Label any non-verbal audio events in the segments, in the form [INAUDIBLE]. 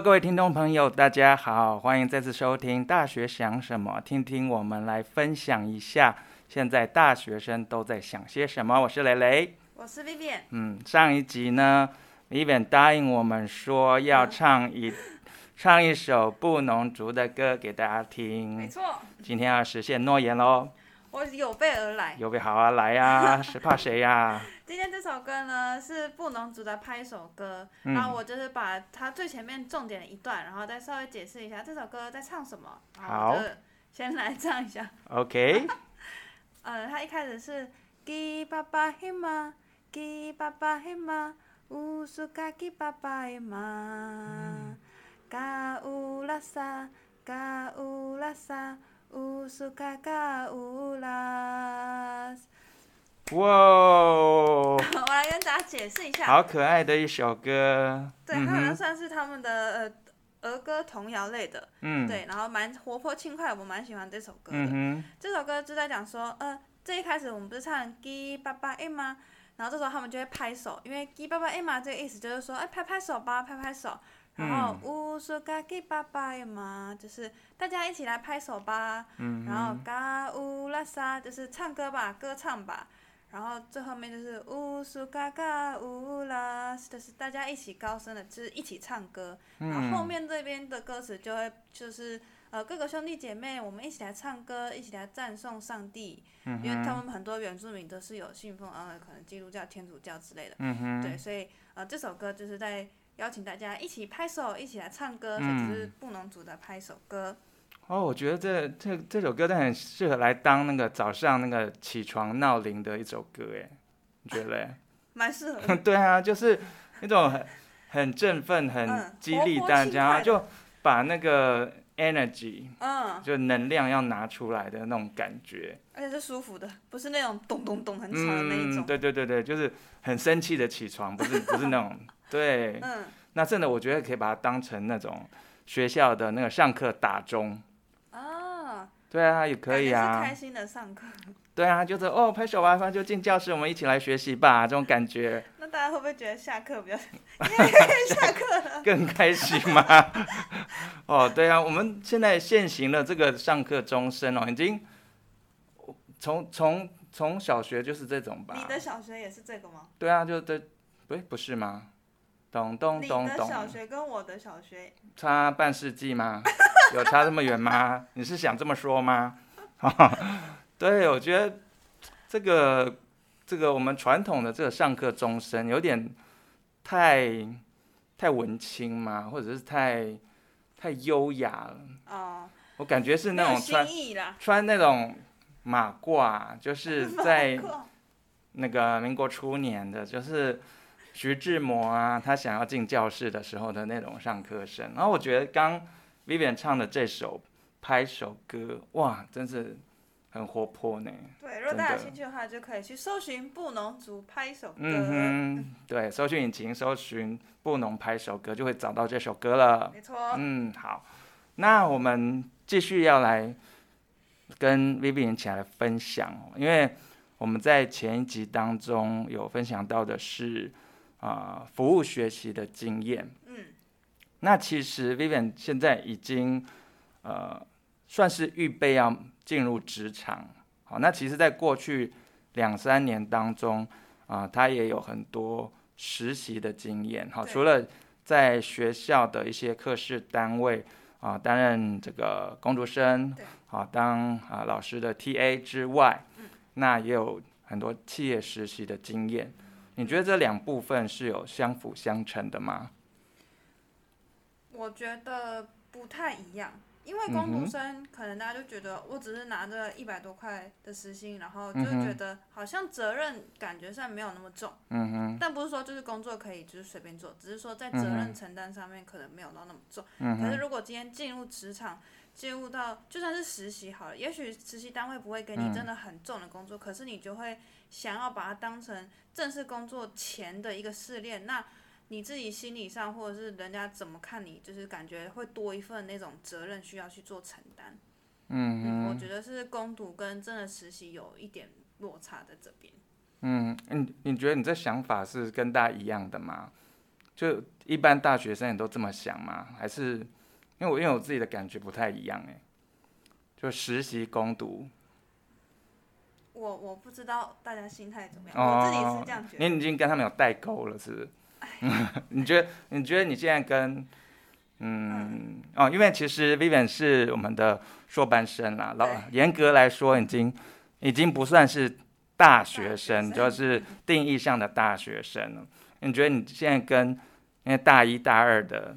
各位聽眾朋友，大家好，歡迎再次收聽《大學想什麼》，聽聽我們來分享一下現在大學生都在想些什麼。我是蕾蕾，我是 Vivian。嗯，上一集呢，Vivian 答應我們說要唱一 [LAUGHS] 唱一首布農族的歌給大家聽，沒錯，今天要實現諾言嘍。我有備而來，有備好啊，來呀，誰怕誰呀？今天這首歌呢是布農族的拍一首歌，那我就是把它最前面重點的一段，然後再稍微解釋一下這首歌在唱什麼，好，先來唱一下。OK，呃、嗯，他一開始是吉巴巴黑嘛，吉巴巴黑嘛，烏蘇卡吉巴巴黑嘛，嘎烏拉撒，嘎烏拉撒。烏蘇嘎嘎烏啦！ [MUSIC] 哇！我來跟大家解釋一下。好可愛的一首歌。嗯、對，它好像算是他們的兒、呃、歌童謠類的。嗯，對，然後蠻活潑輕快，我蠻喜歡這首歌的。嗯、哼這首歌就在講說，呃，最一開始我們不是唱“吉巴巴艾瑪”嗎？然後這時候他們就會拍手，因為“吉巴巴艾瑪”嘛，這個意思就是說，哎，拍拍手吧，拍拍手。然後烏蘇嘎嘎拜拜嘛，就是大家一起來拍手吧，嗯、哼然後嘎烏拉撒就是唱歌吧，歌唱吧，然後最後面就是烏蘇嘎嘎烏拉，就是大家一起高聲的，就是一起唱歌。嗯、哼然後後面這邊的歌詞就會就是呃，各個兄弟姐妹，我們一起來唱歌，一起來讚頌上帝，嗯、哼因為他們很多原住民都是有信奉呃、啊、可能基督教、天主教之類的，嗯、哼對，所以呃這首歌就是在。邀請大家一起拍手，一起來唱歌，甚至、嗯、是布農族的拍手歌。哦，我覺得這這這首歌，它很適合來當那個早上那個起床鬧鈴的一首歌，耶。你覺得？蠻適合的。 [LAUGHS] 對啊，就是那種很很振奮、很激勵大家，嗯、活活就把那個 energy，嗯，就能量要拿出來的那種感覺。而且是舒服的，不是那種咚咚咚很吵的那一種、嗯。對對對對，就是很生氣的起床，不是不是那種。 [LAUGHS] 對，嗯，那真的我覺得可以把它當成那種學校的那個上課打鐘、哦、對啊，也可以啊，開心的上課，對啊，就是哦，拍手反正、啊、就進教室，我們一起來學習吧，這種感覺。那大家會不會覺得下課比較下課 [LAUGHS] 更開心嗎？ [LAUGHS] [LAUGHS] 哦，對啊，我們現在現行的這個上課鐘聲哦，已經從從從小學就是這種吧？你的小學也是這個嗎？對啊，就對，不不是嗎？懂懂懂懂。咚咚咚，你的小學跟我的小學差半世紀嗎？有差這麼遠嗎？ [LAUGHS] 你是想這麼說嗎？ [LAUGHS] 對，我覺得這個這個我們傳統的這個上課鐘聲有點太太文青，嘛或者是太太優雅了。哦，我感覺是那種穿穿那種馬褂，就是在那個民國初年的，就是。徐志摩啊，他想要進教室的時候的那種上課聲。然後我覺得剛 Vivian 唱的這首拍手歌，哇，真是很活潑呢。對，如果的大家有興趣的話，就可以去搜尋布農族拍手歌。嗯嗯，對，搜尋引擎搜尋布農拍手歌，就會找到這首歌了。沒錯。嗯，好，那我們繼續要來跟 Vivian 一起來分享，因為我們在前一集當中有分享到的是。啊，服務學習的經驗。嗯，那其實 Vivian 現在已經呃算是預備要進入職場。好，那其實，在過去兩三年當中啊，他也有很多實習的經驗。好，對除了在學校的一些課室單位啊，擔任這個工讀生，好對、啊，當啊老師的 TA 之外，嗯、那也有很多企業實習的經驗。你覺得這兩部分是有相輔相成的嗎？我覺得不太一樣，因為工讀生、嗯、哼可能大家就覺得，我只是拿着一百多塊的時薪，然後就覺得好像責任感覺上沒有那麼重。嗯，哼但不是說就是工作可以就是隨便做，只是說在責任承擔上面可能沒有到那麼重。嗯、哼可是如果今天進入職場，進入到就算是實習好了，也許實習單位不會給你真的很重的工作，嗯，可是你就會想要把它當成正式工作前的一個試煉。那你自己心理上或者是人家怎麼看你，就是感覺會多一份那種責任需要去做承擔。嗯，哼嗯，我覺得是工讀跟真的實習有一點落差在這邊。嗯，你你覺得你這想法是跟大家一樣的嗎？就一般大學生你都這麼想嗎？還是？因為我因為我自己的感覺不太一樣哎，就實習攻讀，我我不知道大家心態怎麼樣，哦、我自己是這樣覺得。你，你已經跟他們有代溝了，是不是？唉 [LAUGHS] 你覺得你覺得你現在跟嗯唉哦，因為其實 Vivian 是我們的碩班生啦，對老嚴格來說已經已經不算是大學生，學生就是定義上的大學生了。唉你覺得你現在跟那些大一大二的？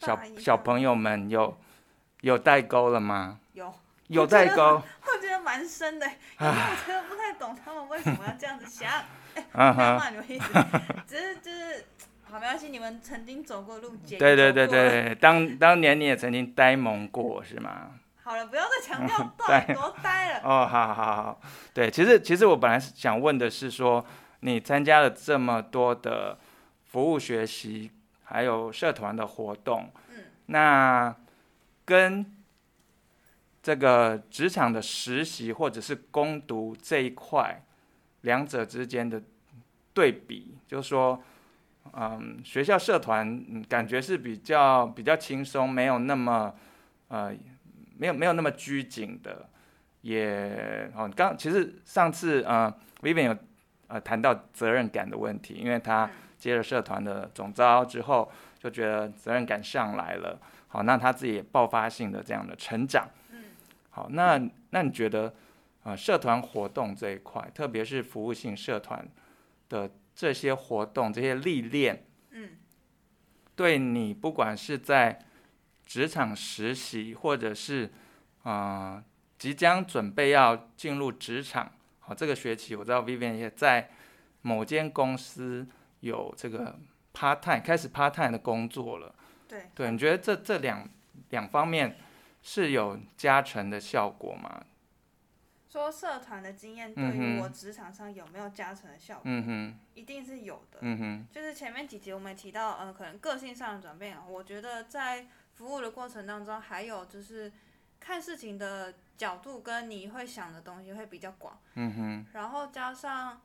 小小朋友們有有代溝了嗎？有有代溝，我覺得蠻深的，啊、因為我覺得不太懂他們為什麼要這樣子想。哎、 [LAUGHS] 欸，媽媽，你們只是 [LAUGHS] 就是好沒關係，你們曾經走過路，過對，對對對對，當當年你也曾經呆萌過是嗎？ [LAUGHS] 好了，不要再強調多多呆了、 [LAUGHS] 呃。哦，好好好，對，其實其實我本來是想問的是說，你參加了這麼多的服務學習。還有社團的活動，那跟這個職場的實習或者是攻讀這一塊，兩者之間的對比，就是說，嗯，學校社團感覺是比較比較輕鬆，沒有那麼呃，沒有沒有那麼拘謹的，也哦，剛其實上次啊、呃、Vivian 有、呃、談到責任感的問題，因為他。嗯接着社團的總召之後，就覺得責任感上來了。好，那他自己也爆發性的這樣的成長。嗯。好，那那你覺得啊、呃，社團活動這一塊，特別是服務性社團的這些活動、這些歷練，嗯，對你不管是在職場實習，或者是啊、呃，即將準備要進入職場，好，這個學期我知道 Vivian 也在某間公司。有這個 part time、嗯、開始 part time 的工作了，對對，你覺得這這兩兩方面是有加成的效果嗎？說社團的經驗對於我職場上有沒有加成的效果？嗯哼。一定是有的。嗯哼。就是前面幾集我們提到，呃，可能個性上的轉變，我覺得在服務的過程當中，還有就是看事情的角度跟你會想的東西會比較廣。嗯哼。然後加上。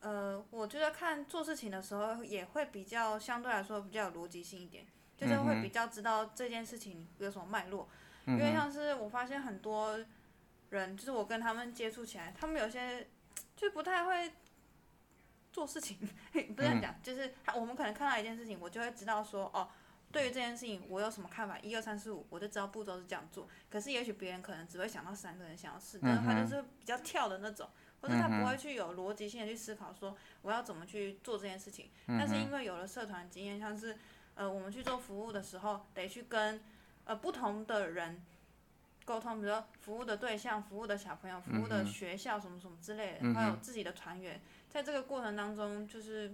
呃，我覺得看做事情的時候，也會比較相對來說比較有邏輯性一點，嗯、哼就是會比較知道這件事情有什麼脈絡。嗯、哼因為像是我發現很多人，就是我跟他們接觸起來，他們有些就不太會做事情， [LAUGHS] 不是這樣講，嗯、就是我們可能看到一件事情，我就會知道說，哦，對於這件事情我有什麼看法，一二三四五，我就知道步驟是這樣做。可是也許別人可能只會想到三個人，想要四個人，他就、嗯、哼是比較跳的那種。或是他不會去有邏輯性的去思考說我要怎麼去做這件事情，嗯、哼但是因為有了社團經驗，像是呃我們去做服務的時候得去跟呃不同的人溝通，比如說服務的對象、服務的小朋友、服務的學校什麼什麼之類的，嗯、哼還有自己的團員，嗯、哼在這個過程當中，就是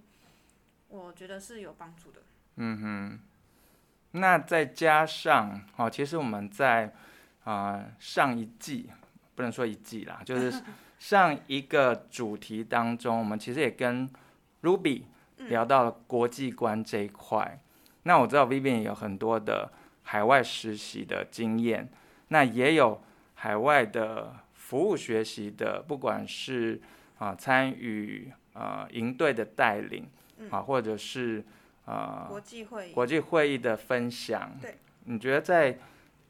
我覺得是有幫助的。嗯哼，那再加上哦，其實我們在啊、呃、上一季不能說一季啦，就是。 [LAUGHS] 上一個主題當中，我們其實也跟 Ruby 聊到了國際觀這一塊。嗯、那我知道 Vivian 有很多的海外實習的經驗，那也有海外的服務學習的，不管是啊參與啊營隊的帶領、嗯、啊，或者是啊、呃、國際會議國際會議的分享。對，你覺得在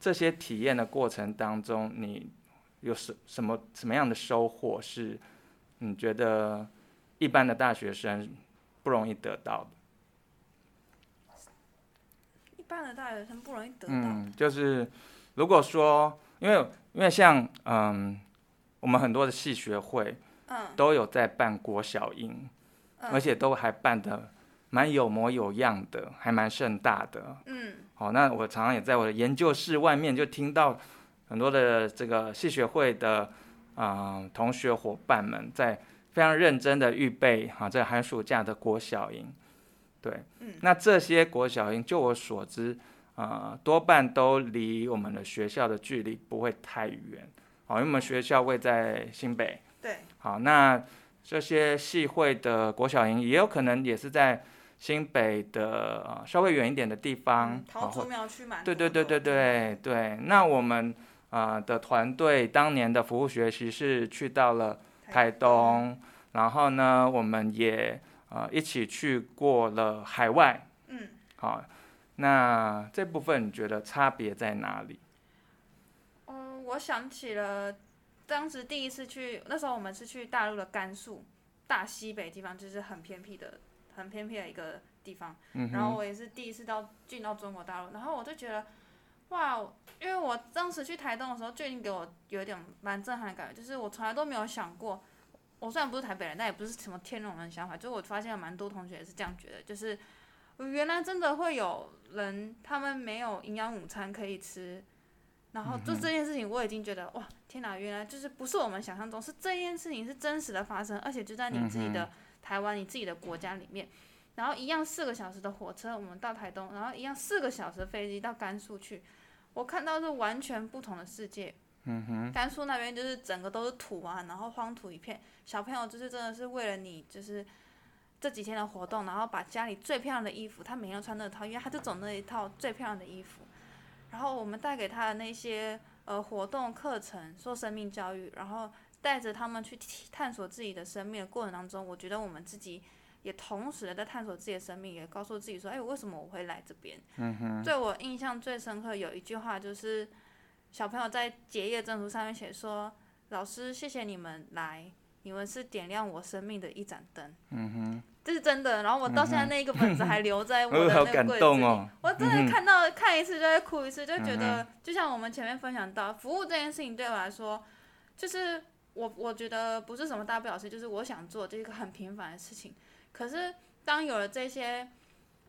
這些體驗的過程當中，你有什什麼什麼樣的收穫是，你覺得一般的大學生不容易得到。一般的大學生不容易得到。嗯，就是如果說，因為因為像嗯，我們很多的系學會，都有在辦國小英，嗯、而且都還辦得蠻有模有樣的，還蠻盛大的。嗯，好、哦，那我常常也在我的研究室外面就聽到。很多的這個系學會的啊、嗯、同學伙伴們在非常認真的預備哈，在、啊這個、寒暑假的國小營，對，嗯，那這些國小營，就我所知，啊，多半都離我們的學校的距離不會太遠，好、啊，因為我們學校位在新北，對，好，那這些系會的國小營也有可能也是在新北的啊稍微遠一點的地方，桃竹苗區嘛，對對對對對、嗯、對，那我們。啊、呃、的團隊當年的服務學習是去到了台東，台東。然後呢，我們也啊、呃、一起去過了海外。嗯。好、哦，那這部分你覺得差別在哪裡？嗯、呃，我想起了當時第一次去，那時候我們是去大陸的甘肅大西北地方，就是很偏僻的、很偏僻的一個地方。嗯哼。然後我也是第一次到進到中國大陸，然後我就覺得。哇，因為我當時去台東的時候，就已經給我有一點蠻震撼的感覺，就是我從來都沒有想過，我雖然不是台北人，但也不是什麼天龍人想法，就是我發現有蠻多同學也是這樣覺得，就是原來真的會有人，他們沒有營養午餐可以吃，然後做這件事情，我已經覺得哇，天哪、啊，原來就是不是我們想象中，是這件事情是真實的發生，而且就在你自己的台灣，你自己的國家裡面，然後一樣四個小時的火車，我們到台東，然後一樣四個小時的飛機到甘肅去。我看到是完全不同的世界，甘肅那邊就是整個都是土啊，然後荒土一片。小朋友就是真的是為了你，就是這幾天的活動，然後把家裡最漂亮的衣服，他每天都穿那套，因為他就走那一套最漂亮的衣服。然後我們帶給他的那些呃活動課程，做生命教育，然後帶着他們去探索自己的生命的過程當中，我覺得我們自己。也同時的在探索自己的生命，也告訴自己說：“哎、欸，為什麼我會來這邊？”嗯、哼對我印象最深刻有一句話就是，小朋友在結業證書上面寫說：“老師，謝謝你們來，你們是點亮我生命的一盞燈。”嗯哼，這是真的。然後我到現在那一個本子還留在我的那個櫃子裡，嗯哼 [LAUGHS] 我好感動哦，我真的看到看一次就會哭一次，嗯、哼就覺得就像我們前面分享到，服務這件事情對我來說，就是我我覺得不是什麼大不了事，就是我想做，這一個很平凡的事情。可是，當有了這些，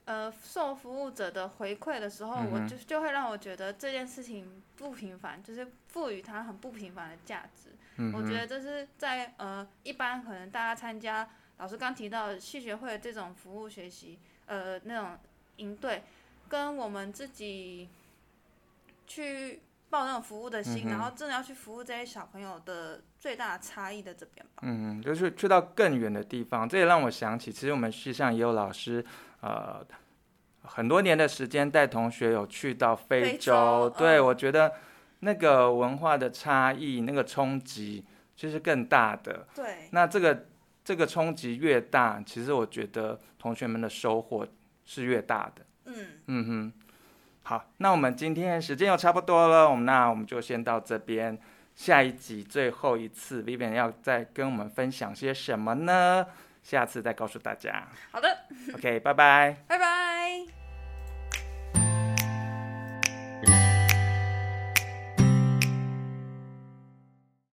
呃，受服務者的回饋的時候，嗯、哼我就就會讓我覺得這件事情不平凡，就是賦予它很不平凡的價值。嗯、哼我覺得這是在呃，一般可能大家參加老師剛提到系學會的這種服務學習，呃，那種營隊，跟我們自己去。抱那種服務的心，嗯、哼然後真的要去服務這些小朋友的最大的差異的這邊吧。嗯就是去到更遠的地方，這也讓我想起，其實我們學校也有老師，呃，很多年的時間帶同學有去到非洲。非洲對，呃、我覺得那個文化的差異，那個衝擊其實更大的。對。那這個這個衝擊越大，其實我覺得同學們的收穫是越大的。嗯。嗯哼。好，那我們今天時間又差不多了，我們那我們就先到這邊。下一集最後一次，Vivian 要再跟我們分享些什麼呢？下次再告訴大家。好的，OK，拜拜。拜拜。